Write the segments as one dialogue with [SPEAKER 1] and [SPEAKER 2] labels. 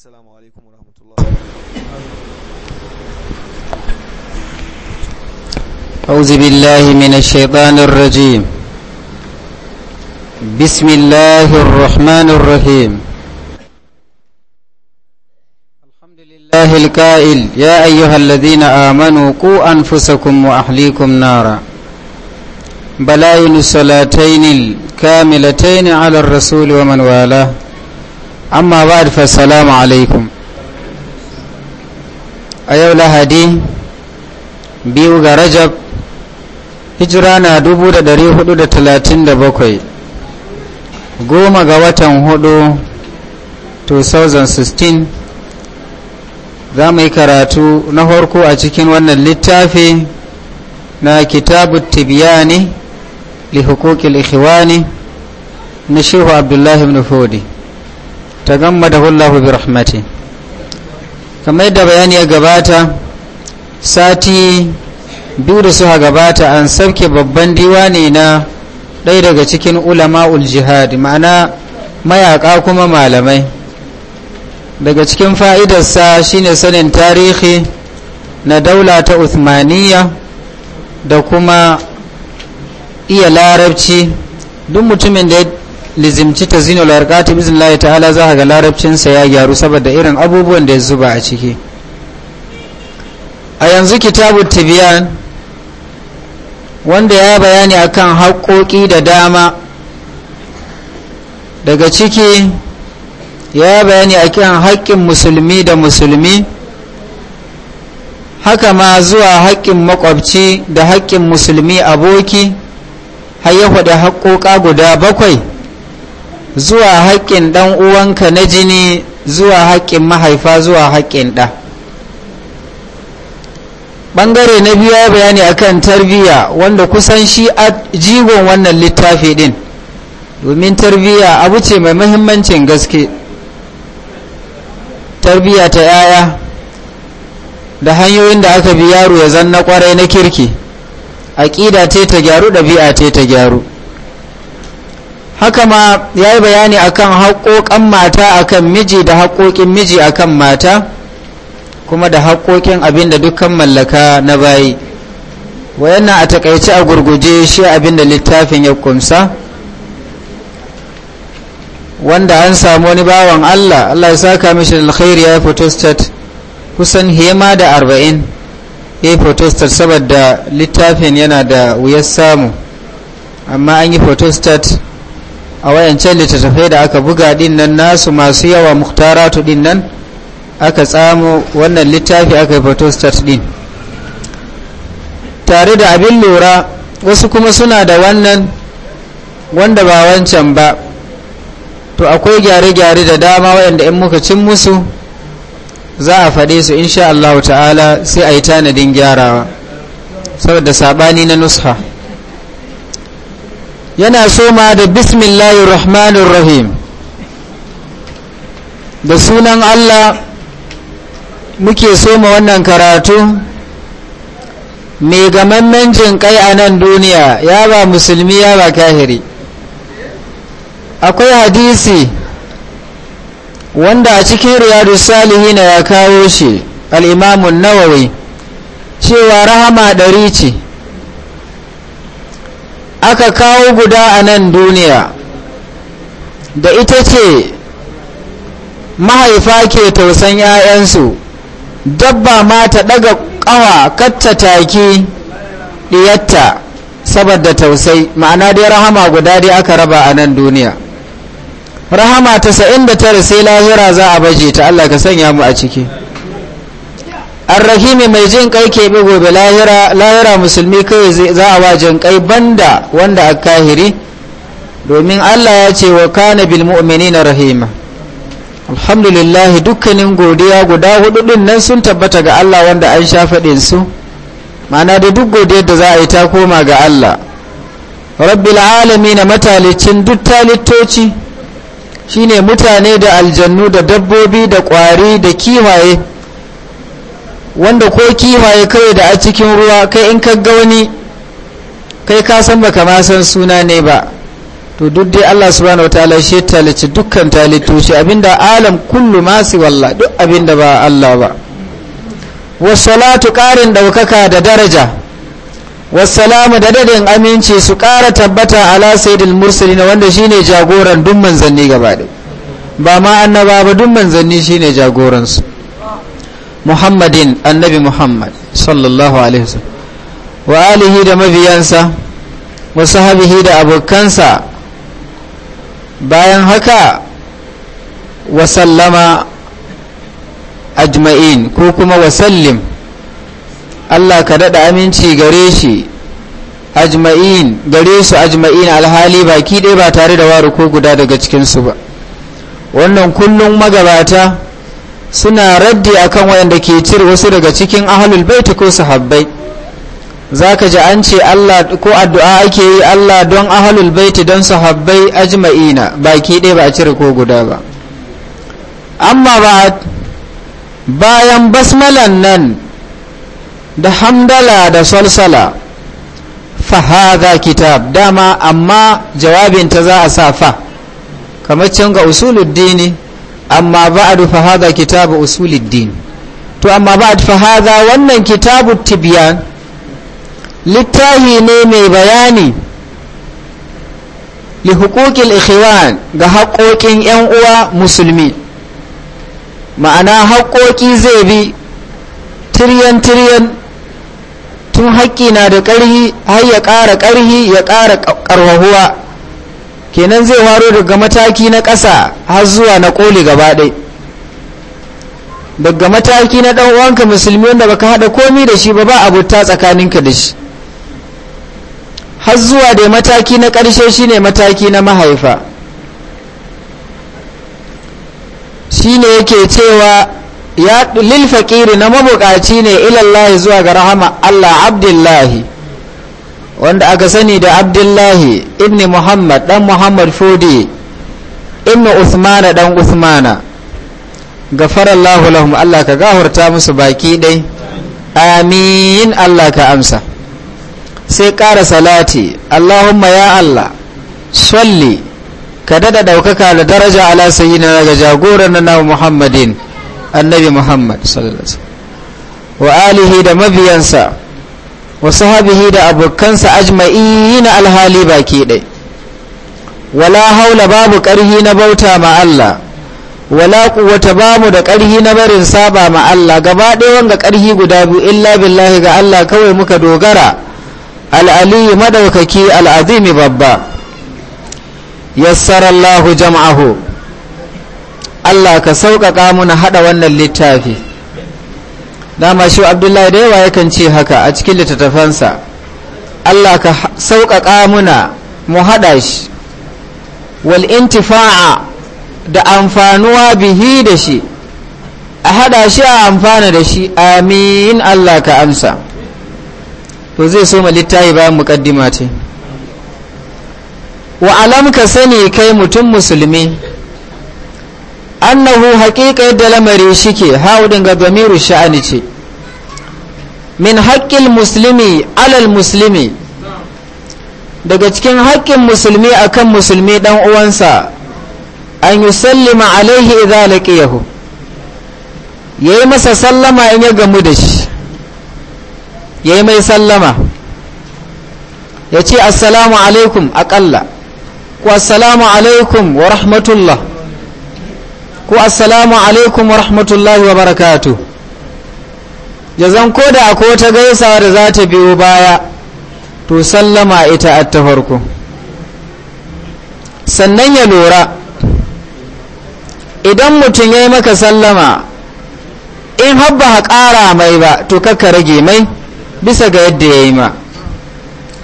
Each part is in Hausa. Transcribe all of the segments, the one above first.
[SPEAKER 1] السلام عليكم ورحمة الله أعوذ بالله من الشيطان الرجيم بسم الله الرحمن الرحيم الحمد لله الكائل يا أيها الذين آمنوا قوا أنفسكم وأحليكم نارا بلائن الصلاتين الكاملتين على الرسول ومن والاه amma ba a da salamu alaikum a yau lahadi biyu ga rajab hijira na bakwai. goma ga watan hudu 2016 za mu yi karatu na harko a cikin wannan littafi na kitabu tibiyani li hukukin ikhwani na shehu abdullahi ibn fodi tagammadahu hullahu bi rahmati kamar yadda bayani ya gabata sati biyu da suka gabata an sabke babban ne na ɗaya daga cikin ulama'ul jihad ma'ana mayaka kuma malamai daga cikin fa'idarsa shine sanin tarihi na daula ta Uthmaniyya da kuma iya larabci duk mutumin da ya lizimci ta zino larkati ta ta'ala za ga larabcinsa ya gyaru saboda irin abubuwan da ya zuba a ciki a yanzu kitabu tibiyan wanda ya bayani akan haƙoƙi da dama daga ciki ya bayani a kan haƙƙin musulmi da musulmi haka ma zuwa haƙƙin makwabci da haƙƙin musulmi aboki har ya faɗi haƙoƙa guda bakwai zuwa haƙƙin ɗan uwanka na jini zuwa haƙƙin mahaifa zuwa haƙƙin ɗa ɓangare na biya ya bayani akan tarbiyya wanda kusan shi a jigon wannan littafi ɗin domin tarbiyya abu ce mai mahimmancin gaske tarbiyya ta 'ya'ya da hanyoyin da aka bi yaro ya zanna kwarai na kirki aƙida ce ta gyaru ɗabi'a ce ta gyaru haka ma ya yi bayani akan haƙoƙan mata akan miji da haƙoƙin miji akan mata kuma da haƙoƙin abinda dukkan mallaka na bayi wayannan a takaice a gurguje shi abin da littafin ya kumsa wanda an samu wani bawan allah allah ya saka mishi alkhairi ya photostat kusan hema da arba'in ya fotostat saboda littafin yana da wuyar samu amma an yi photostat a wayancan littattafai da aka buga din nan nasu masu yawa muktaratu din nan aka tsamo wannan littafi aka yi photostat din tare da abin lura wasu kuma suna da wannan wanda ba wancan ba to akwai gyare-gyare da dama wayanda in muka cin musu za a faɗe su insha Allah ta'ala sai a yi tanadin gyarawa saboda saɓani na nusha yana soma da bismillahir rahmanir rahim da sunan Allah muke soma wannan karatu mai gamammen jin kai a nan duniya ya ba musulmi ya ba kahiri akwai hadisi wanda a cikin riyadu salihi na ya kawo shi al'imamun nawawi cewa rahama ɗari ce aka kawo guda a nan duniya da ita ce mahaifa ke tausan 'ya'yansu dabba ma ta daga kawa katta taki diyatta saboda tausai ma'ana dai rahama guda dai aka raba a nan duniya rahama ta sa'in da tara sai lahira za a baje ta allah ka sanya mu a ciki arrahimi mai jin kai ke bi gobe lahira lahira musulmi kawai za a wa jin kai banda wanda a kahiri domin allah ya ce wa kana bil mu'minina rahima alhamdulillah dukkanin godiya guda hudu din nan sun tabbata ga allah wanda an sha faɗin su ma'ana da duk godiyar da za a yi ta koma ga allah rabbil alamin matalicin duk talittoci shine mutane da aljannu da dabbobi da kwari da kiwaye wanda ko kifaye kawai da a cikin ruwa kai in ga wani kai ka san baka ma san suna ne ba to duk dai Allah subhanahu wataala shi talici dukkan talitu shi abinda alam kullu ma walla duk abinda ba Allah ba salatu ƙarin ɗaukaka da daraja salamu da dadin aminci su ƙara tabbata ala sayyidil mursalin wanda shine jagoran duk manzanni gaba ba ma annaba ba duk manzanni shine jagoransu muhammadin annabi muhammad sallallahu alaihi wa alihi da mabiyansa wa sahabihi da abokansa bayan haka wa sallama ajma'in ko kuma wa sallim Allah ka daɗa aminci gare shi ajma'in gare su ajma'in alhali baki ɗaya ba tare da waru ko guda daga cikinsu ba wannan kullum magabata suna raddi akan wayanda ke cire wasu daga cikin ahlul baiti ko sahabbai zaka ji an ce Allah ko addu'a ake yi Allah don ahlul baiti don sahabbai ajma'ina baki ɗaya ba a cire ko guda ba amma ba bayan basmalan nan da hamdala da salsala fahaza kitab dama amma jawabinta za a sa fa kamar can ga usuluddini amma ba'adu fa hadha kitabu usuluddin to amma ba'ad fa hadha wannan kitabu tibyan littahi ne mai bayani li huquqil ikhwan ga haƙoƙin yan uwa musulmi ma'ana haƙoƙi zai bi tiryan tiryan tun haƙƙi na da ƙarhi har ya ƙara ƙarhi ya ƙara ƙarwahuwa kenan zai waro daga mataki na ƙasa har zuwa na ƙoli gaba ɗai daga mataki na ɗan uwanka musulmi wanda baka haɗa komi da shi ba ba ta tsakaninka da shi har zuwa da mataki na ƙarshe shine mataki na mahaifa shine yake cewa ya lilfa ƙiri na mabuƙaci ne ilallahi zuwa ga rahama Allah abdullahi wanda aka sani da abdullahi ibn muhammad dan muhammad fodi ibn usmana dan usmana gafarallahu lahum allah ka gafarta musu baki dai amin allah ka amsa sai ƙara salati allahumma ya allah salli ka dada ɗaukaka da daraja ala sayyidina daga jagoran na muhammadin annabi muhammad sallallahu alaihi wa alihi da mabiyansa wa sahabihi da abokansa ajma'i na alhali baki ɗai wala haula babu ƙarhi na bauta ma Allah wala quwwata bamu da ƙarhi na barin saba ma Allah gaba ɗaya wanga ƙarhi guda biyu illa billahi ga Allah kawai muka dogara al'aliyu madaukaki al'azimi babba yassarallahu jam'ahu Allah ka sauƙaƙa muna haɗa wannan littafi dama shi abdullahi da yawa yakan ce haka a cikin littattafansa allah ka sauƙaƙa muna mu haɗa shi wal intifa'a da amfanuwa bihi da shi a haɗa shi a amfana da shi amin allah ka amsa to zai so ma littahi bayan muƙaddima ce wa alam ka sani kai mutum musulmi annahu haƙiƙa yadda lamari shike haudin ga damiru sha'ani ce min haƙƙin musulmi alal musulmi daga cikin haƙƙin musulmi akan musulmi dan uwansa an yi sallima alaihi yahu. ya yi masa sallama in ya gamu da shi ya yi mai sallama ya ce assalamu alaikum aƙalla ko assalamu alaikum wa rahmatullah ko assalamu alaikum wa rahmatullahi wa barakatu ya zan ko da ko ta gaisawa da za ta biyo baya to sallama ita ta farko sannan ya lura idan mutum ya yi maka sallama in habba ha ƙara mai ba to kakka rage mai bisa ga yadda ya yi ma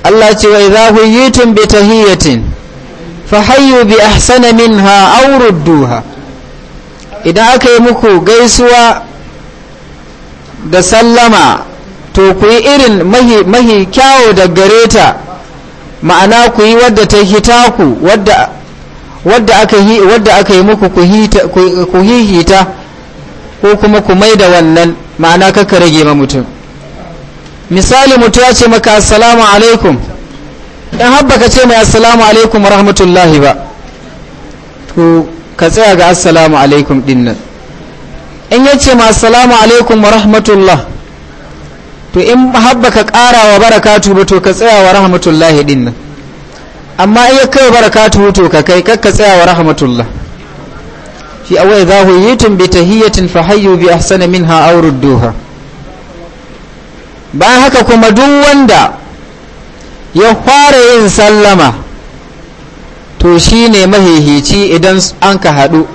[SPEAKER 1] Allah ce wa yi tun bi ta hiyatin? fa hayu bi ahsana minha aw duha. idan aka yi muku gaisuwa da sallama to ku yi irin mahi, mahi kyawo da gare ta ma'ana ku yi wadda ta hita ku wadda, wadda, aka, wadda aka yi muku ku hihita ko kuma ku mai da wannan ma'ana kaka rage ma mutum misali mutum ya ce maka assalamu alaikum in habba ka ce mai assalamu alaikum rahmatullahi ba to ka tsaya ga assalamu alaikum din nan in ya ce ma assalamu alaikum wa rahmatullah to in habba ka ƙara wa barakatu ba to ka tsaya wa rahmatullahi din nan amma in ya kai barakatu to ka kai kakka tsaya wa rahmatullah shi awai za hu yi tun bi tahiyyatin fa hayyu bi ahsana ha auren rudduha bayan haka kuma duk wanda ya fara yin sallama to shi ne mahihici idan an ka haɗu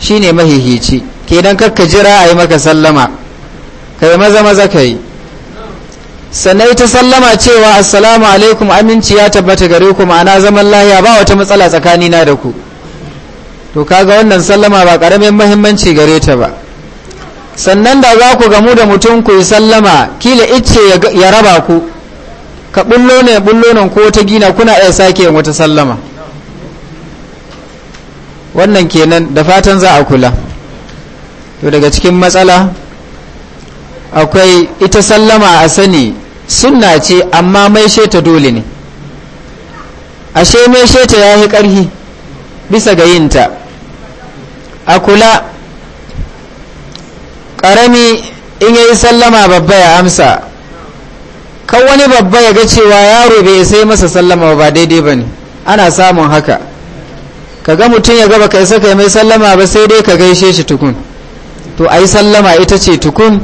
[SPEAKER 1] shi ne mahihici ke kenan kakka jira a yi maka sallama ka yi maza maza ka yi sannan ita sallama cewa assalamu alaikum aminci ya tabbata gare ku ma'ana zaman lahiya ba wata matsala tsakanina da ku to kaga wannan sallama ba ƙaramin mahimmanci gare ta ba sannan da za ku gamu da mutum ku yi sallama kila icce ya raba ku ka bullo ne bullo nan ko ta gina kuna iya sake wata sallama wannan kenan da fatan za a kula to daga cikin matsala akwai ita sallama a sani sunna ce amma mai sheta dole ne ashe mai sheta ya yi ƙarfi bisa ga yinta a kula ƙarami in yayi yi sallama babba ya amsa kan wani babba ya ga cewa yaro bai sai masa sallama ba daidai ba ne ana samun haka ka ga mutum ya gaba ka isa yi mai sallama ba sai dai ka gaishe shi tukun to a yi sallama ita ce tukun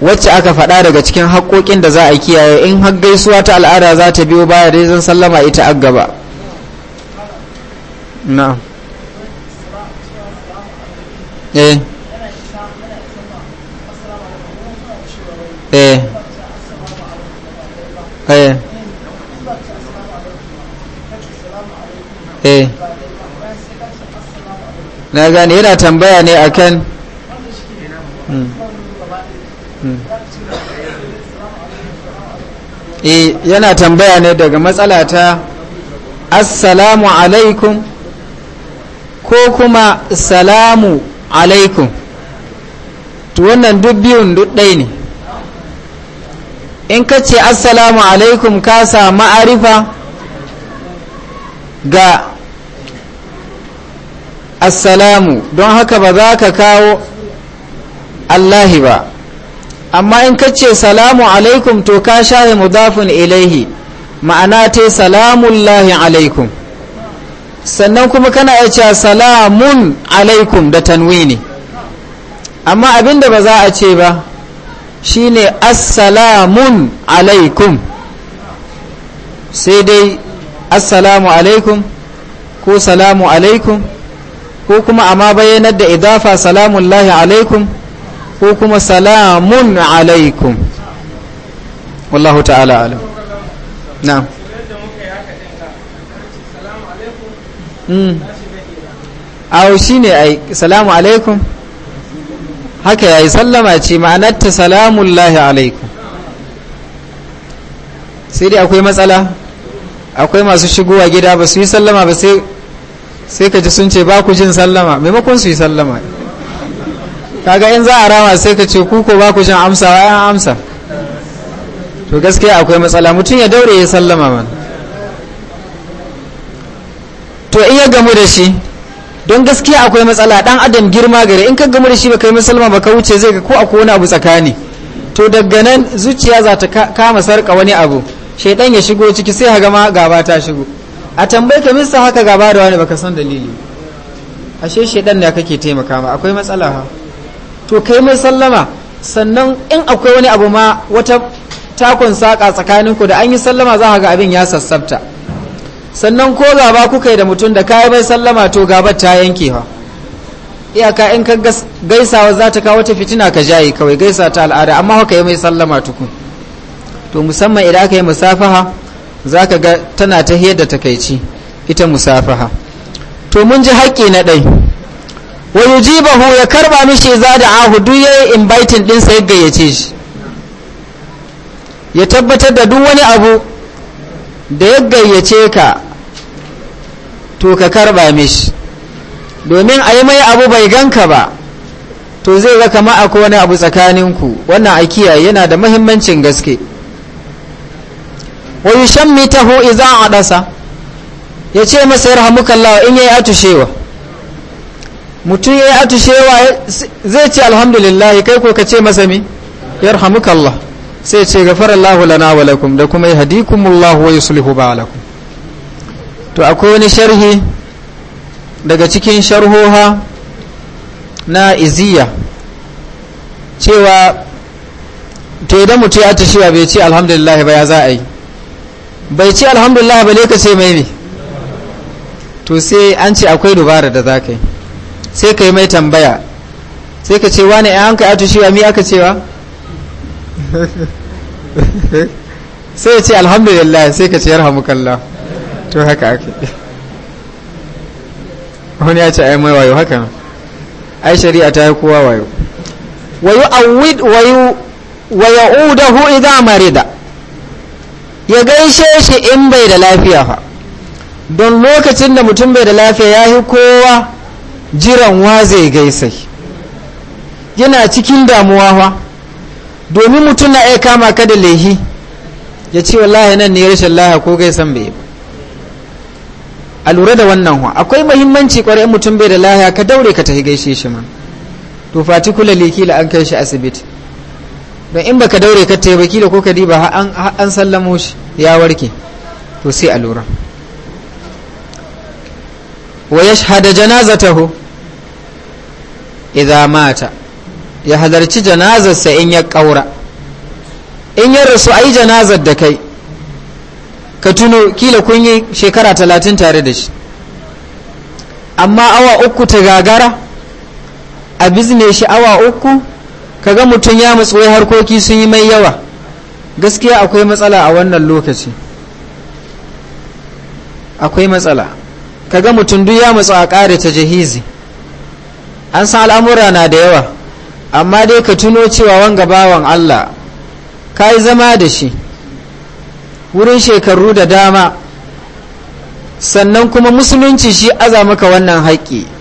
[SPEAKER 1] wacce aka faɗa daga cikin haƙoƙin da za a kiyaye in har gaisuwa ta al'ada za ta biyo baya dai zan sallama ita a gaba na. eh eh eh eh na gane yana tambaya ne a hmm, hmm. e eh, yana tambaya ne daga matsala ta assalamu alaikum ko kuma salamu alaikum to wannan duk biyun duk ɗai ne in ka ce assalamu alaikum ka sa ma'arifa ga assalamu don haka ba za ka kawo allahi ba amma in ka ce salamu alaikum to ka shahe mudafin ilaihi ma'ana ta salamullahi alaikum sannan kuma kana iya ce salamun alaikum da tanwini amma abinda ba za a ce ba shine assalamun alaikum sai dai assalamu alaikum ko salamu alaikum ko kuma amma bayyanar da idafa salamun lahi alaikum ko kuma salamun alaikum wallahu ta'ala alam na hmm. awo shi ne yi salamu alaikum haka ya yi sallama ce ma'anarta salamun lahi alaikum sai dai akwai matsala akwai masu shigowa gida ba su yi sallama ba sai sai ka ji sun ce ba ku jin sallama maimakon su yi sallama kaga in za a rama sai ka ce ku ko ba ku jin amsawa yan amsa to gaskiya akwai matsala mutum ya daure ya sallama man to in ya gamu da shi don gaskiya akwai matsala dan adam girma gare in ka gamu da shi baka kai musulma ka wuce zai ga ko akwai wani abu tsakani to daga nan zuciya za ta kama sarka wani abu shaidan ya shigo ciki sai ga ma gaba ta shigo a tambaye ka minsa haka gaba da wani baka san dalili ashe shedan da kake taimaka ma akwai matsala ha to kai mai sallama sannan in akwai wani abu ma wata takon saka ku da an yi sallama za ga abin ya sassabta sannan ko gaba kuka da mutum da kayi mai sallama to gaba ta yanke ha iyaka in ka gaisawa za ta kawo ta fitina ka jaye kawai gaisa ta al'ada amma haka yi mai sallama tukun to musamman idan aka yi musafaha za ka ga tana ta da takaici ita musafaha to mun ji haƙƙi na ɗai wa yujibahu ya karba mishi za da ahu duk yayi inbaitin ɗin sai gayyace shi ya tabbatar da duk wani abu da ya gayyace ka to ka karɓa mishi domin a yi mai abu bai ganka ba to zai ga kama akwai wani abu tsakaninku wannan a kiyaye yana da mahimmancin gaske wa yushammitahu idza adasa yace masa yarhamukallahu in yayi atushewa mutum yayi atushewa zai ce alhamdulillah kai ko ka ce masa mi yarhamukallah sai ce ghafarallahu lana wa lakum da kuma yahdikumullahu wa yuslihu ba'alakum to akwai wani sharhi daga cikin sharhoha na iziya cewa to idan mutum ya atushewa bai ce alhamdulillah ba ya za a yi bai ce alhamdulillah ba ka ce mai to sai an ce akwai dubara da za ka yi sai ka yi mai tambaya sai ka ce wani ka hanka atushi tushewa mi aka cewa sai ya ce alhamdulillah sai ka ce kalla to haka ake wani ya ce ai mai wayo haka na ai shari'a ta yi kowa wayo wayu awid wayu a idza marida ya gaishe shi in bai da lafiya ba don lokacin da mutum bai da lafiya ya yi kowa jiran wa zai gaisai yana cikin damuwa fa domin mutum na aika maka da lehi ya ce wallahi nan ne rashin lahi ko gaisan bai ba a lura da wannan wa akwai mahimmanci kwarai mutum bai da lahiya ka daure ka tafi gaishe shi ma to fati kula leki la an kai shi asibiti don in baka daure ka teba kila ko ka diba an sallamo shi ya warke to sai a lura wa yashhada janazatahu idan mata ya halarci janazarsa in ya kaura in ya rasu ayi janazar da kai ka tuno kila kun yi shekara talatin tare da shi amma awa uku ta gagara a bizne shi awa uku ka ga mutum ya matsuwa harkoki sun yi mai yawa gaskiya akwai matsala a wannan lokaci akwai matsala ga mutum duk ya matsu a ƙare ta jahizi an san al'amura na da yawa amma dai ka tuno cewa wanga bawan Allah ka yi zama da shi wurin shekaru da dama sannan kuma musulunci shi aza maka wannan haƙƙi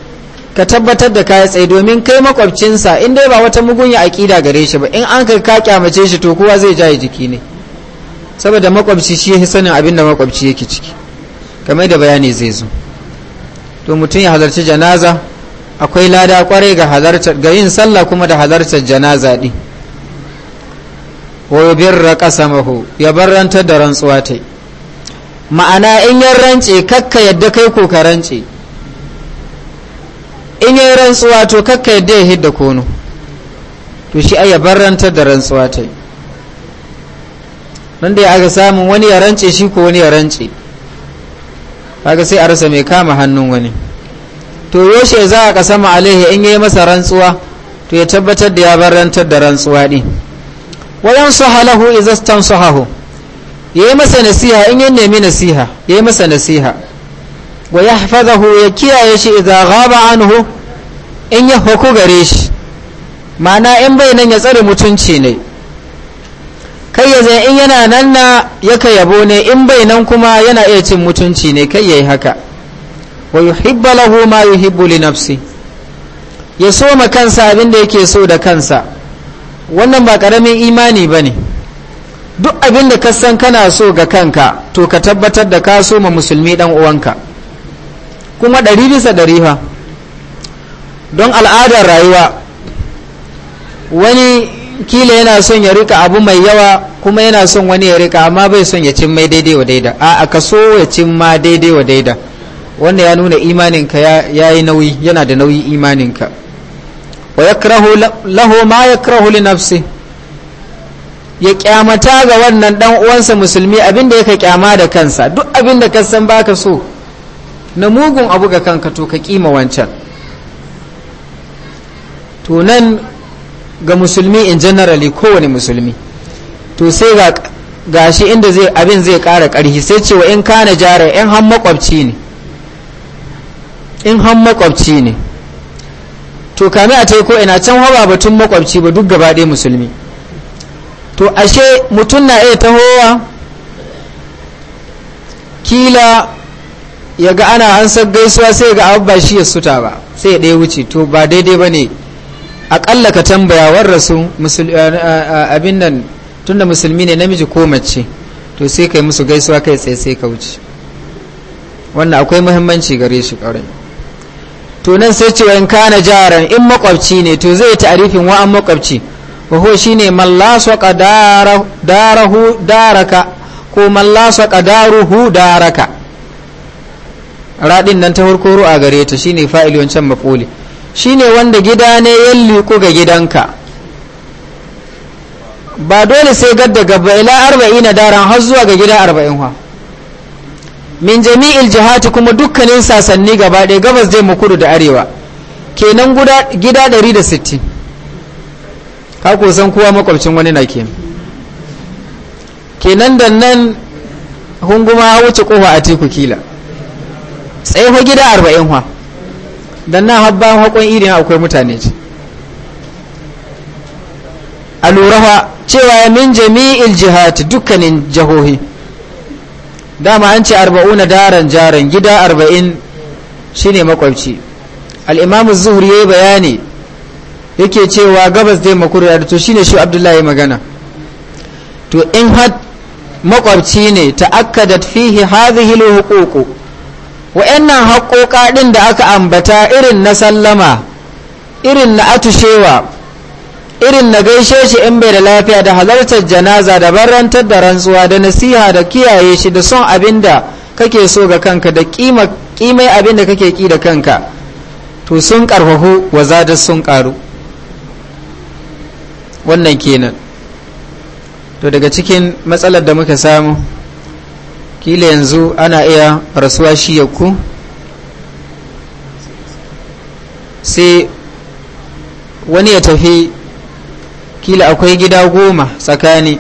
[SPEAKER 1] ka tabbatar da ka tsaye domin kai makwabcinsa in dai ba wata mugun mugunya aƙida gare shi ba in an kai ka kyamace shi to kowa zai jaye jiki ne saboda makwabci shi ya sanin abin da makwabci yake ciki kamar da bayani zai zo to mutum ya halarci janaza akwai lada kwarai ga halartar ga yin sallah kuma da halartar janaza din wa yubirra qasamahu ya barranta da rantsuwa ta ma'ana in yan rance kakka yadda kai ko ka rance in yi rantsuwa to kakka yadda ya hidda kono to shi ai ya barantar da rantsuwa ta yi nan da ya aga samun wani ya rance shi ko wani ya rance kaga sai a rasa mai kama hannun wani to yoshe za a kasa alaihi in yi masa rantsuwa to ya tabbatar da ya barantar da rantsuwa ɗin wayan halahu izastan Hahu ya yi masa nasiha in yi nemi nasiha ya yi masa nasiha wa yahfazahu ya kiyaye shi idza ghaba anhu in ya hoku gare shi ma'ana in bai nan ya tsare mutunci ne kai ya in yana nan na yaka yabo ne in bai nan kuma yana iya cin mutunci ne kai yayi haka wa yuhibbu lahu ma yuhibbu li nafsi ya so ma kansa abin da yake so da kansa wannan ba karamin imani bane duk abin da ka san kana so ga kanka to ka tabbatar da ka so ma musulmi dan uwanka kuma ɗari bisa ɗari fa don al'adar rayuwa wani kila yana son ya rika abu mai yawa kuma yana son wani ya rika amma bai son ya cin mai daidai wa daida a a kaso ya cin ma daidai wa daida wanda ya nuna imaninka ya yi nauyi yana da nauyi imaninka wa yakrahu laho ma yakrahu li nafsi ya kyamata ga wannan dan uwansa musulmi abinda ka kyama da kansa duk abinda ka san baka so na mugun abu ga kanka to ka kima wancan to nan ga musulmi in generally kowane musulmi to sai ga gashi inda zai abin zai kara ƙarfi sai cewa in kana jara in han makwabci ne in han makwabci ne to kame a ta ko ina can hawa tun makwabci ba duk gaba ɗaya musulmi to ashe mutum na iya tahowa kila ya ga ana san gaisuwa sai ga abu ba shi ya suta ba sai ya ɗaya wuce to ba daidai ba ne aƙalla ka tambaya war rasu eh, eh, eh, abin nan tun da musulmi ne namiji ko mace to sai ka yi musu gaisuwa kai tsaye sai ka wuce wannan akwai muhimmanci gare shi ƙaurin to nan sai cewa in kana jaran in makwabci ne to zai ta'arifin wa'an makwabci wa ho shine man lasaka daraka ko man ka daruhu daraka raɗin nan ta farko ru'a gare ta shine fa'ili wancan maf'uli shine wanda gida ne yalli liku ga gidanka ba dole sai gadda gaba ila arba'ina daren har zuwa ga gida arba'in ha min jami'il jihati kuma dukkanin sasanni gaba ɗaya gabas dai kudu da arewa kenan gida 160 ka san kowa makwabcin wani na ke kenan da nan hunguma wuce kofa a teku kila tsaye gida arba'in fa don na habban hakon irin akwai mutane ce a lura cewa ya min jami'il jihati dukkanin jihohi dama an ce arba'una daren jaren gida arba'in ne makwabci al'imamu zuhuri ya yi bayani yake cewa gabas dai makurya to shine shi abdullahi magana to in had makwabci ne ta ta'akkadat fihi hazihi lo hukuku wa'annan haƙoƙa ɗin da aka ambata irin na sallama irin na atushewa irin na gaishe shi in bai da lafiya da halartar janaza da barantar da rantsuwa da nasiha da kiyaye shi da son abin da kake so ga kanka da ƙimai abin da kake ƙi da kanka to sun ƙarfafu wa zadar sun ƙaru wannan kenan to daga cikin matsalar da muka samu kila yanzu ana iya rasuwa shi ya ku sai wani ya tafi kila akwai gida goma tsakani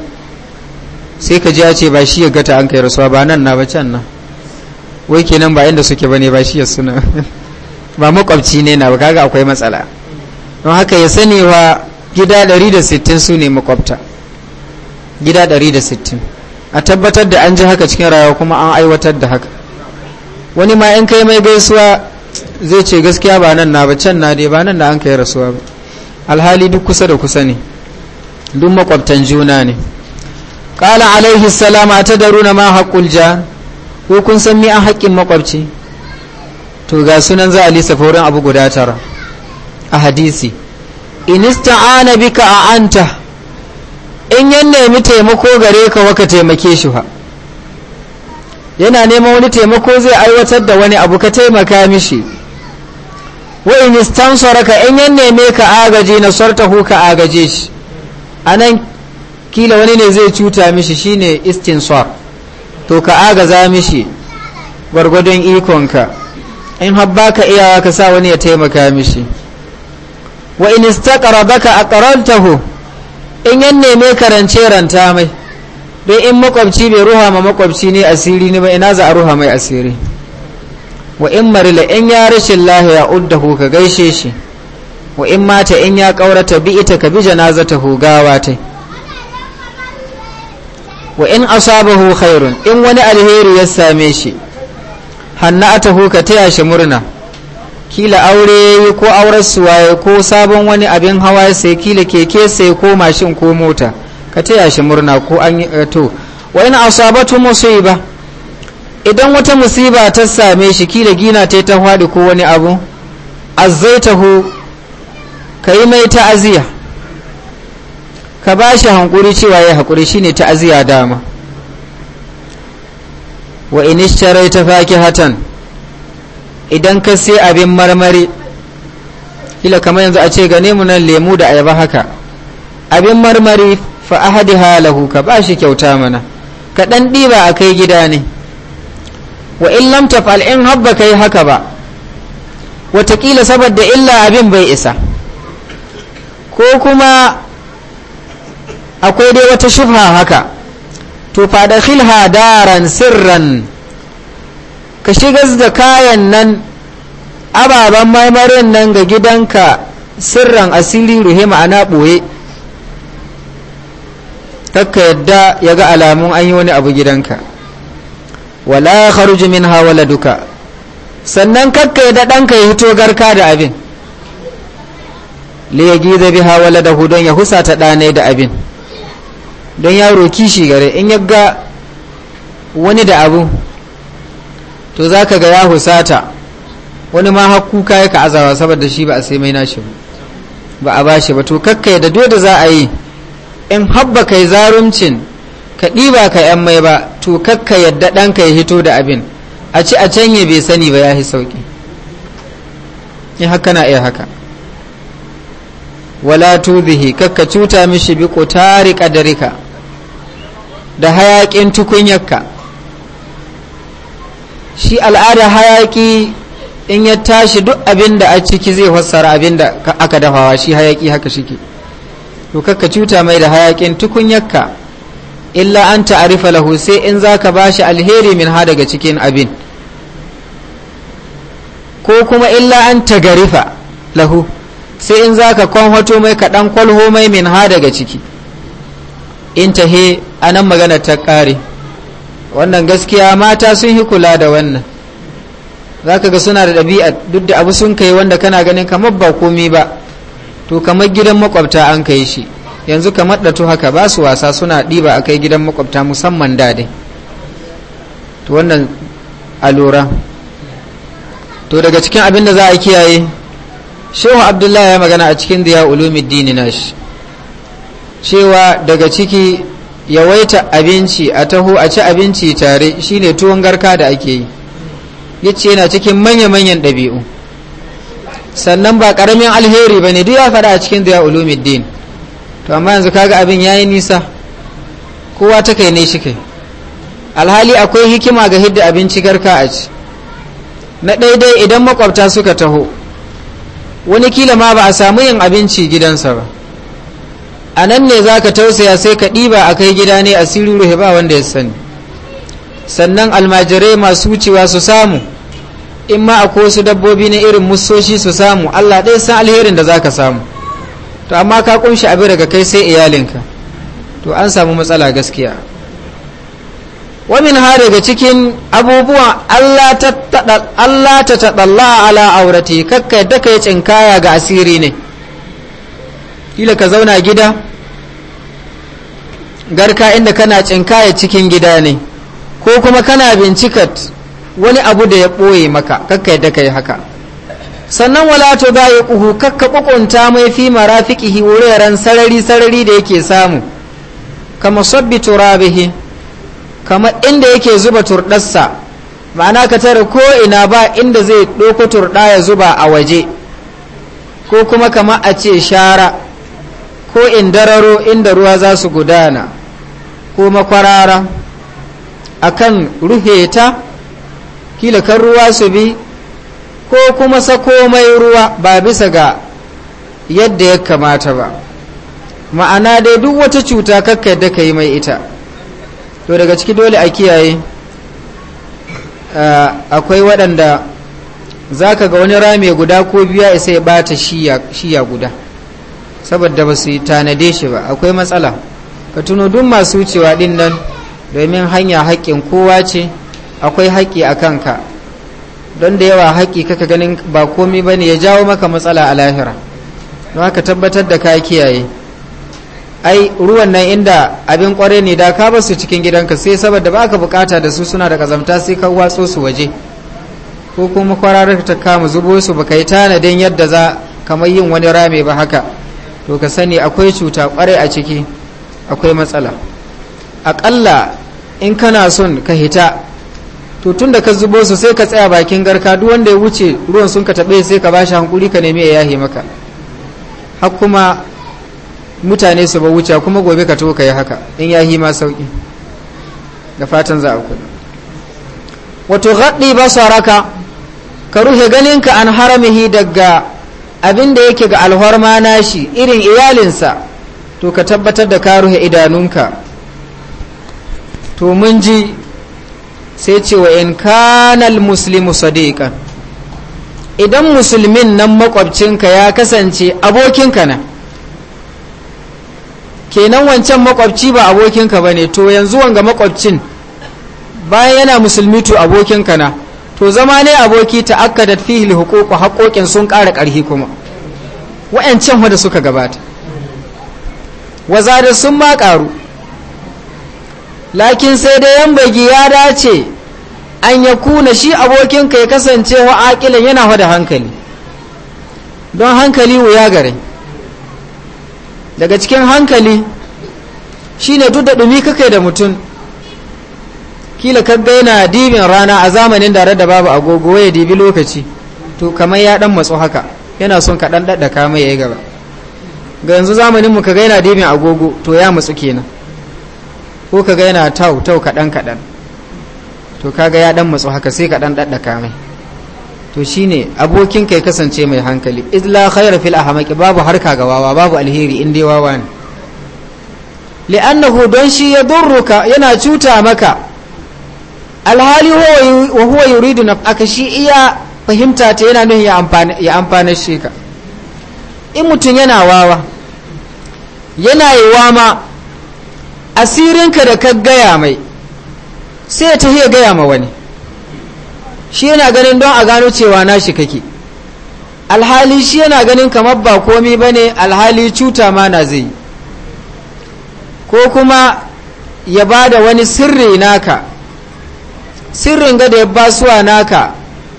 [SPEAKER 1] sai ka ji ce ba shi ya gata an kai rasuwa ba nan na ba can na wai kenan ba inda suke ba ne ba shi ya suna ba makwabci ne na ba kaga akwai matsala don haka ya sani wa gida 160 su ne makwabta gida 160 a tabbatar da an ji haka cikin rayuwa kuma an aiwatar da haka wani ma in kai mai gaisuwa zai ce gaskiya ba nan na ba can na dai ba nan da an kai rasuwa ba alhali duk kusa da kusa ne duk makwabtan juna ne kala alaihi salam na ma haƙul ja ko kun san mi an haƙƙin makwabci to ga sunan za a lisa abu guda tara a hadisi inista ana bika a anta in yan nemi taimako gare ka waka taimake shi fa yana neman wani taimako zai aiwatar da wani abu ka taimaka mishi wa in istansaraka in yan neme ka agaji na sartahu ka agaje shi anan kila wani ne zai cuta mishi shine istinsar to ka agaza mishi gwargwadon ikonka in habba ka iyawa ka sa wani ya taimaka mishi wa in istaqrabaka aqrartahu in yan neme karance ranta mai don in makwabci bai ruha ma makwabci ne asiri ne ba ina za a ruha mai asiri wa in marila in ya rashin lahiya uddahu ka gaishe shi wa in mata in ya kaurata bi ita ka bi ta hugawa ta wa in asabahu khairun in wani alheri ya same shi ta ka taya shi murna kila aure ko auren suwaye ko sabon wani abin hawa sai kila keke sai ko mashin ko mota ka taya shi murna ko an yi eh, to wa ina asabatu musiba idan wata musiba ta same shi kila gina ta ta hwadi ko wani abu azaitahu kai mai ta'aziya ka ba shi hankuri cewa ya hakuri shine ta'aziya dama wa in kaki hatan? idan ka sai abin marmari ila kamar yanzu a ce gane mu nan lemu da ayaba haka abin marmari fa ahadi halahu ka ba shi kyauta mana ka ɗi diba a kai gida ne wa in lam tafal in habba kai haka ba Wataƙila saboda illa abin bai isa ko kuma akwai dai wata shufa haka to fadakhilha daran sirran ka shigar da kayan nan ababen marmarin nan ga gidanka sirran asiri ruhe ma'ana ɓoye takka yadda ya ga alamun an yi wani abu gidanka wala kharuji min hawala duka sannan kakka yadda ɗanka ya hito garka da abin liyagi da hawa wala da don ya husata ɗanai da abin don yaro kishi gare in ya ga wani da abu to za ka ga ya husata wani ma hakuka ya ka azawa saboda shi ba a sai mai nashi ba a bashi ba to kakka da dole za a yi in habba kai zarumcin ka ɗiba ka yan mai ba to kakka yadda ɗanka ya hito da abin a ci a canye bai sani ba ya yi sauƙi in haka na iya haka wala tuzihi kakka cuta mishi bi da rika da hayaƙin tukunyarka shi al'ada hayaki in ya tashi duk abin da a ciki zai fassara abin da aka dafawa shi hayaki haka shike to kakka cuta mai da hayakin tukunyarka illa an ta'arifa lahu sai in zaka bashi alheri min ha daga cikin abin ko kuma illa an tagarifa lahu sai in zaka kwanwato mai kaɗan kwalho mai min ha daga ciki in tahe anan magana ta ƙare wannan gaskiya mata sun yi kula da wannan zaka ga suna da ɗabi'a duk da abu sun kai wanda kana ganin kamar ba komi ba to kamar gidan makwabta an kai shi yanzu kamar da haka ba su wasa suna ɗiba a kai gidan makwabta musamman dade to wannan alora to daga cikin abin da za a kiyaye shehu abdullahi ya magana a cikin diya ulumiddini nashi cewa daga ciki yawaita abinci a taho a ci abinci tare shine tuwon garka da ake yi ya ce yana cikin manya-manyan ɗabi'u sannan ba ƙaramin alheri ba ne duk ya faɗa a cikin da ya ulumuddin to amma yanzu kaga abin ya yi nisa kowa ta kai ne shi kai alhali akwai hikima ga hidda abinci garka a ci na daidai idan makwabta suka taho wani kila ma ba a samu yin abinci gidansa ba a nan ne za ka tausaya sai ka ɗiba a kai gida ne asirin ruhe ba wanda ya sani sannan almajirai masu wucewa su samu in ma a wasu dabbobi na irin musoshi su samu allah ɗaya san alherin da za ka samu to amma ka kunshi abin daga kai sai iyalinka to an samu matsala gaskiya wamin har daga cikin abubuwan allah ta taɗalla ala aurati kakka da ka yi tsinkaya ga asiri ne kila ka zauna gida garka inda kana cinkaya cikin gida ne ko kuma kana bincikat wani abu da ya ɓoye maka kakka yadda ka yi haka sannan wala to ga ya ƙuhu kakka ƙuƙunta mai fi marafiƙihi wuraren sarari-sarari da yake samu kama sabbi turabihi kama inda yake zuba turɗarsa ma'ana ka tare ko ina ba inda zai ɗoko turɗa ya zuba a waje ko kuma kama a ce shara ko in dararo inda ruwa za su gudana ko makwarara akan rufe ta kila kan ruwa su bi ko kuma sako mai ruwa ba bisa ga yadda ya kamata ba ma'ana dai duk wata cuta kakka yadda ka yi mai ita to daga ciki dole a kiyaye eh, akwai waɗanda za ka ga wani rame guda ko biya isa ya bata shiya guda saboda ba su yi tanade shi ba akwai matsala ka tuno duk masu wucewa din nan domin hanya haƙƙin kowa ce akwai haƙƙi a kanka don da yawa haƙƙi kaka ganin ba komi ba ne ya jawo maka matsala a lahira don haka tabbatar da ka kiyaye ai ruwan nan inda abin kware ne da ka basu cikin gidanka sai saboda ba ka bukata da su suna da kazamta sai ka watso su waje ko kuma kwararar ta kama zubo su baka yi tanadin yadda za kamar yin wani rame ba haka to ka sani akwai cuta kwarai a ciki akwai matsala aƙalla in kana son ka hita to tun da ka zubo su sai ka tsaya bakin garka duk wanda ya wuce ruwan sun ka taɓe sai ka bashi hankuri ka nemi ya yahe maka har kuma mutane su ba wuce kuma gobe ka to ka yi haka in yahi ma sauki da fatan za a kula wato gaɗi ba su haraka ka ruhe ganinka an haramihi daga abin da yake ga alhorma nashi irin iyalinsa to ka tabbatar da ka ruhe idanunka to mun ji sai ce in kanal muslimu sadiqan idan musulmin nan makwabcinka ya kasance abokinka na kenan wancan makwabci ba abokinka ba ne to yanzu wanga makwabcin bayan yana musulmi to abokinka na to zama ne aboki ta da fihil hukuku haƙoƙin sun ƙara ƙarfi kuma wa'ancan wanda suka gabata wazada sun ma ƙaru lakin sai dai yan bagi ya dace an ya kuna shi abokinka ya kasance wa aƙilan yana hada hankali don hankali wuya gare daga cikin hankali shine duk da ɗumi kakai da mutum kila ka ga yana dibin rana a zamanin da da babu agogo ya dibi lokaci to kamar ya dan matsu haka yana son ka dan dadda ka mai yayi gaba ga yanzu zamanin mu ka ga yana dibin agogo to ya matsu kenan ko ka ga yana tau tau dan kadan to kaga ya dan matsu haka sai ka dan dadda ka mai to shine abokin kai kasance mai hankali izla khayra fil ahmaqi babu harka ga wawa babu alheri in dai wawa ne li'annahu don shi ya durruka yana cuta maka alhali wa huwa yuridu aka shi iya fahimta ta yana nuhi ya amfana shi ka in mutum yana wawa yana yi wama asirinka da ka gaya mai sai ta iya gaya ma wani shi yana ganin don a gano cewa nashi kake alhali shi yana ganin kamar ba komi ba ne alhali cuta ma na zai ko kuma ya ba da wani sirri naka sirrin ga da ya basuwa naka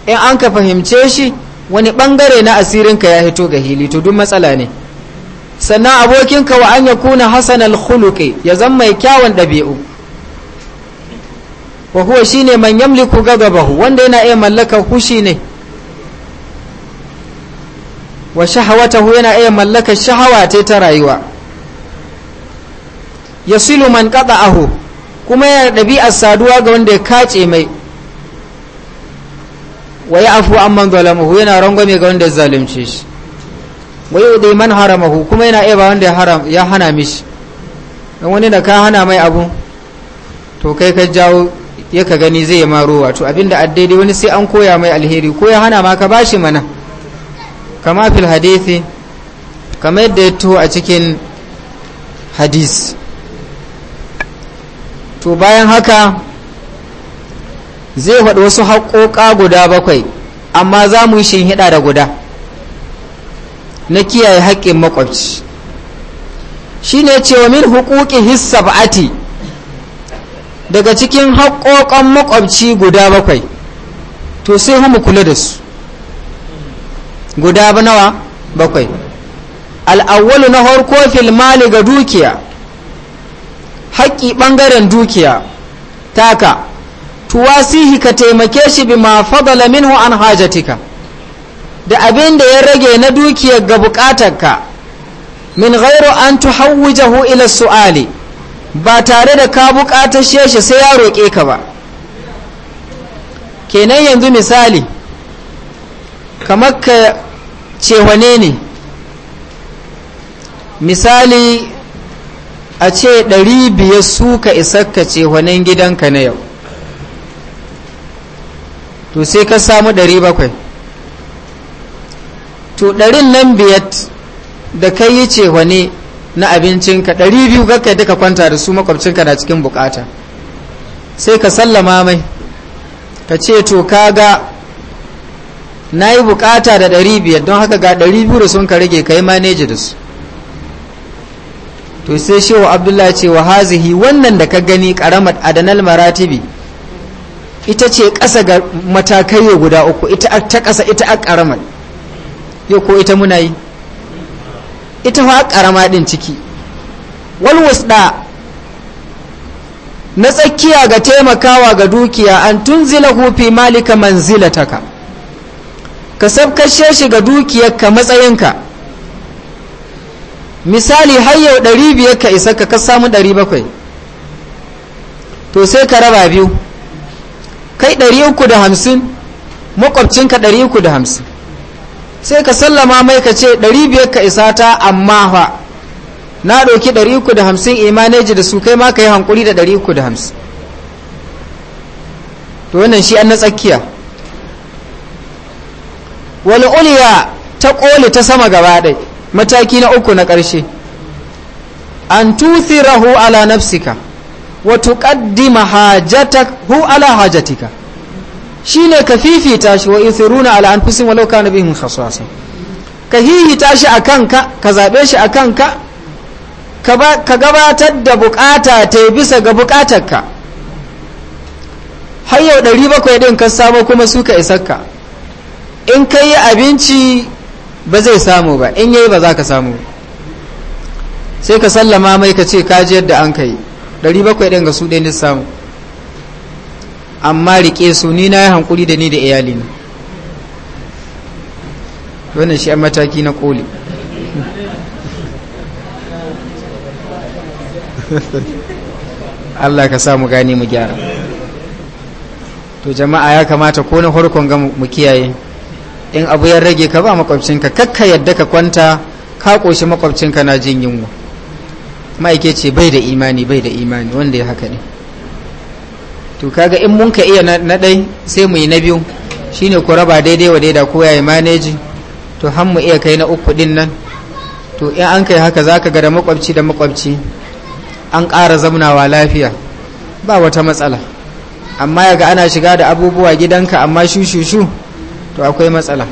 [SPEAKER 1] in an ka fahimce shi wani bangare na asirinka ya hito ga hili to duk matsala ne sannan abokinka wa an ya kuna hasan alkhuluqi ya zan mai kyawun ɗabi'u wa huwa shine man yamliku gagabahu wanda yana iya mallakar hushi ne wa shahawatahu yana iya mallakar shahawa ta rayuwa Ya yasilu man qata'ahu kuma yana ɗabi'ar saduwa ga wanda ya kace mai wa ya afu amman zalamahu yana rangwame ga wanda ya zalunce shi wa yi udai man haramahu kuma yana iya ba wanda ya hana mishi don wani da ka hana mai abu to kai ka jawo ya ka gani zai yi maro wato abinda addaidai wani sai an koya mai alheri ko ya hana ma ka bashi mana kama fil hadithi kamar yadda ya to a cikin hadis to bayan haka zai faɗi wasu haƙoƙa guda bakwai amma za mu yi hida da guda na kiyaye haƙƙin makwabci shi ne cewa min hukuki hissab'ati daga cikin haƙoƙan makwabci guda bakwai to sai mu kula da su guda nawa bakwai al'awwalu na harko fil mali ga dukiya haƙƙi ɓangaren dukiya taka tuwasihi ka taimake shi bi ma fadala minhu an hajatika da abin da ya rage na dukiyar ga buƙatarka min ghairu an tuhawwijahu ila su'ali ba tare da ka buƙatar shi sai ya roƙe ka ba kenan yanzu misali kamar ka cewane ne misali a ce ɗari biyar suka isakka ce gidanka na yau to sai ka samu ɗari bakwai to ɗarin nan biyar da ka yi ce wane na abincinka ɗari biyu kakka duka kwanta da su makwabcinka na cikin bukata sai ka sallama mai ka ce to ka ga na yi bukata da ɗari biyar don haka ga ɗari biyu da sun ka rage ka yi maneji da su to sai shi wa abdullahi ce wa hazihi wannan da ka gani karamat adanal maratibi ita ce ƙasa ga matakai guda uku ita ta ƙasa ita a ƙaramar yau ko ita muna yi ita fa karama din ciki walwusɗa na tsakiya ga taimakawa ga dukiya an tun zila hufi malika manzilataka ka sabkashe shi ga ka matsayinka misali har yau ɗari biyar ka isa ka ka samu ɗari bakwai to sai ka raba biyu kai ɗari uku da hamsin makwabcinka ɗari uku da hamsin sai ka sallama mai ka ce ɗari biyar ka isa ta amma fa na ɗauki ɗari uku da hamsin imaneji da su kai ma ka yi hankuri da ɗari uku da hamsin to wannan shi an na tsakiya wani uliya ta ƙoli ta sama gaba ɗai mataki na uku na ƙarshe an tuthirahu ala nafsika wa hajjata hu ala Shi ne ka fifita shi wa yuthiruna ala fusin walau kana bihim khasasa ka hihita shi a kanka, ka zaɓe shi a kanka, ka gabatar da bukata ta bisa ga bukatarka har yau 700 ɗin ka samo kuma suka isarka in ka yi abinci ba zai samu ba in yayi ba za ka samu sai ka sallama mai ka ce kaji yadda an kai 700 ɗin ga su ɗaya samu amma rike su ni na yi hankuli da ni da iyali na wannan shi a mataki na koli Allah ka sa mu gane mu gyara to jama'a ya kamata ko na farkon ga mu kiyaye in abu ya rage ka ba makwabcinka kakka yadda ka kwanta ka ƙoshi makwabcinka na jin yunwa ma'aike ce bai da imani bai da imani wanda ya haka ne to kaga in mun ka iya na ɗai sai mu yi na biyu shine ku raba daidai wa daida ko yayi maneji to han mu iya kai na uku din nan to in an kai haka zaka ga da makwabci da makwabci an ƙara zaunawa lafiya ba wata matsala amma yaga ana shiga da abubuwa gidanka amma shushushu to akwai matsala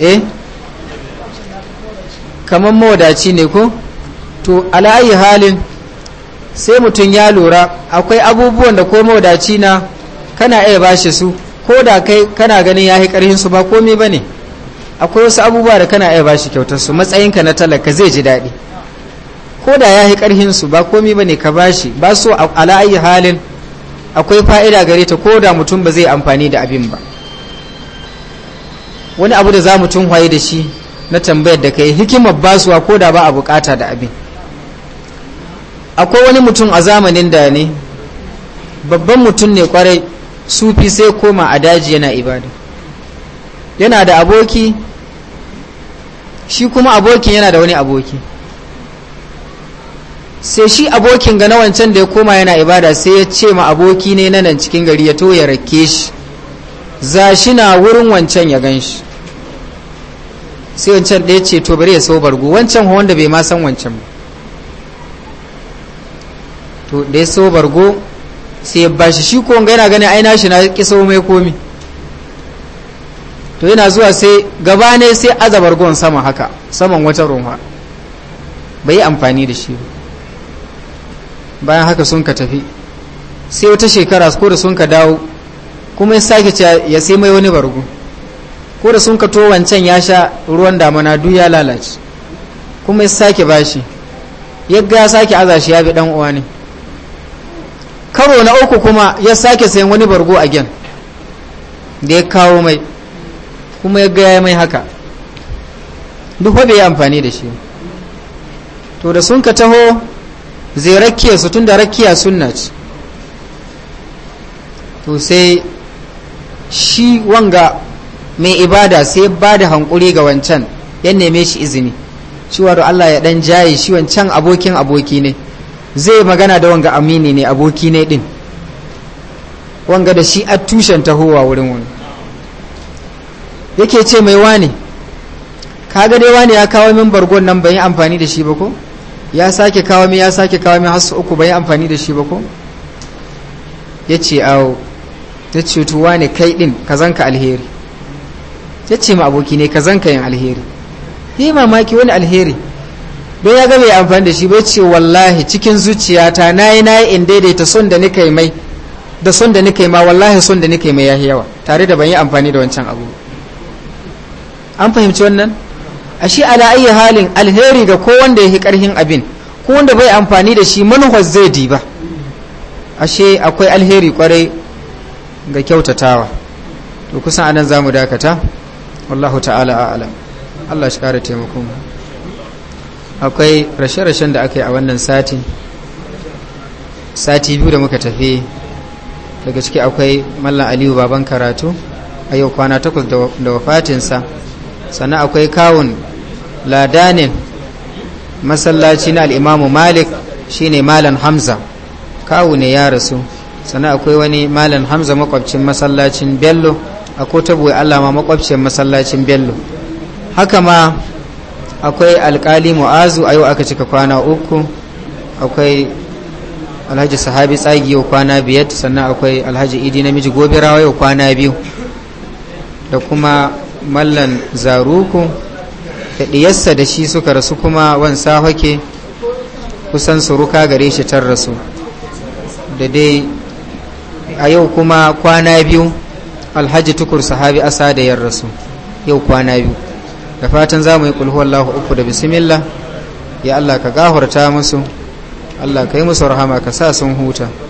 [SPEAKER 1] eh kamar mawadaci ne ko to ala'ayi halin sai mutum ya lura akwai abubuwan da ko mawadaci na kana iya bashi su ko da kai kana ganin ya yi su ba komai ba ne akwai wasu abubuwa da kana iya bashi kyautar su matsayinka na talaka zai ji daɗi ko da ya yi su ba komai ba ne ka bashi ba su ala'ayi halin akwai fa'ida gare ta ko da mutum ba zai amfani da abin ba wani abu da za mutum waye da shi na tambayar da kai hikimar basuwa ko da ba a bukata da abin akwai wani mutum a zamanin da ne babban mutum ne kwarai sufi sai koma a daji yana ibada yana da aboki shi kuma abokin yana da wani aboki sai shi abokin ga na wancan da ya koma yana ibada sai ya ce ma aboki ne nan cikin gari ya to ya rake shi za shi na wurin wancan ya gan shi sai wancan ɗaya ce to bari ya sau bargo wancan wanda bai ma san wancan ba to da ya sau bargo sai ya bashi shi ko yana ganin aina shi na kiso mai komi to yana zuwa sai gaba ne sai aza bargon sama haka saman wata rumfa bai yi amfani da shi ba bayan haka sun ka tafi sai wata shekara ko da sun ka dawo kuma ya sake ya sai mai wani bargo ko da sun ka to wancan ya sha ruwan damana duk ya lalace kuma ya sake bashi yadda ya sake aza shi ya bi dan uwa ne karo na uku kuma ya sake sayan wani bargo a gyan da ya kawo mai kuma ya gaya mai haka duk wadda ya amfani da shi to da sun ka taho zai rakiya su tun da rakiya sunna ce to sai shi wanga mai ibada sai ba da hankuri ga wancan ya neme shi izini cewa da Allah ya dan jaye shi wancan abokin aboki ne zai magana da wanga amini ne aboki ne din wanga da shi a tushen tahowa wurin wani yake ce mai wani kaga dai wani ya kawo min bargon nan ban yi amfani da shi ba ko ya sake kawo mai ya sake kawo mai hasu uku bai amfani da shi ba ko ya ce awo ta ce tuwa ne kai din ka zanka alheri Ya ce ma aboki ne ka zanka yin alheri ya yi mamaki wani alheri don ya gaba ya amfani da shi bai ce wallahi cikin zuciyata na yi na yi in daidaita son da nika yi mai da son da nika yi ma wallahi son da nika yi mai ya yawa tare da ban yi amfani da wancan abu an fahimci wannan ashe ala ayi halin alheri ga ko wanda yake karhin abin ko wanda bai amfani da shi manufar zai diba ashe akwai alheri kwarai ga kyautatawa to kusan anan zamu dakata wallahu ta'ala a'ala Allah shi kare taimakon akwai rashe-rashen da aka a wannan sati sati biyu da muka tafi daga ciki akwai mallan aliyu baban karatu a yau kwana takwas da wafatinsa sannan akwai kawun ladanin masallaci na al'imamu malik shine malam hamza kawu ne ya rasu sannan akwai wani malam hamza makwabcin masallacin bello a tabuwa allama makwabcin masallacin bello haka ma akwai alkali mu'azu a yau aka cika kwana uku akwai alhaji sahabi tsagi yau kwana biyar sannan akwai alhaji idi namiji gobirawa yau kwana biyu da kuma mallan zaruku da ɗiyarsa da shi suka rasu kuma wansa hake kusan suruka gare shi tar rasu da dai a yau kuma kwana biyu alhaji tukur sahabi asa da yar rasu yau kwana biyu da fatan za mu yi kulhuwallahu uku da bismillah ya Allah ka gahurta musu Allah ka yi musu rahama ka sa sun huta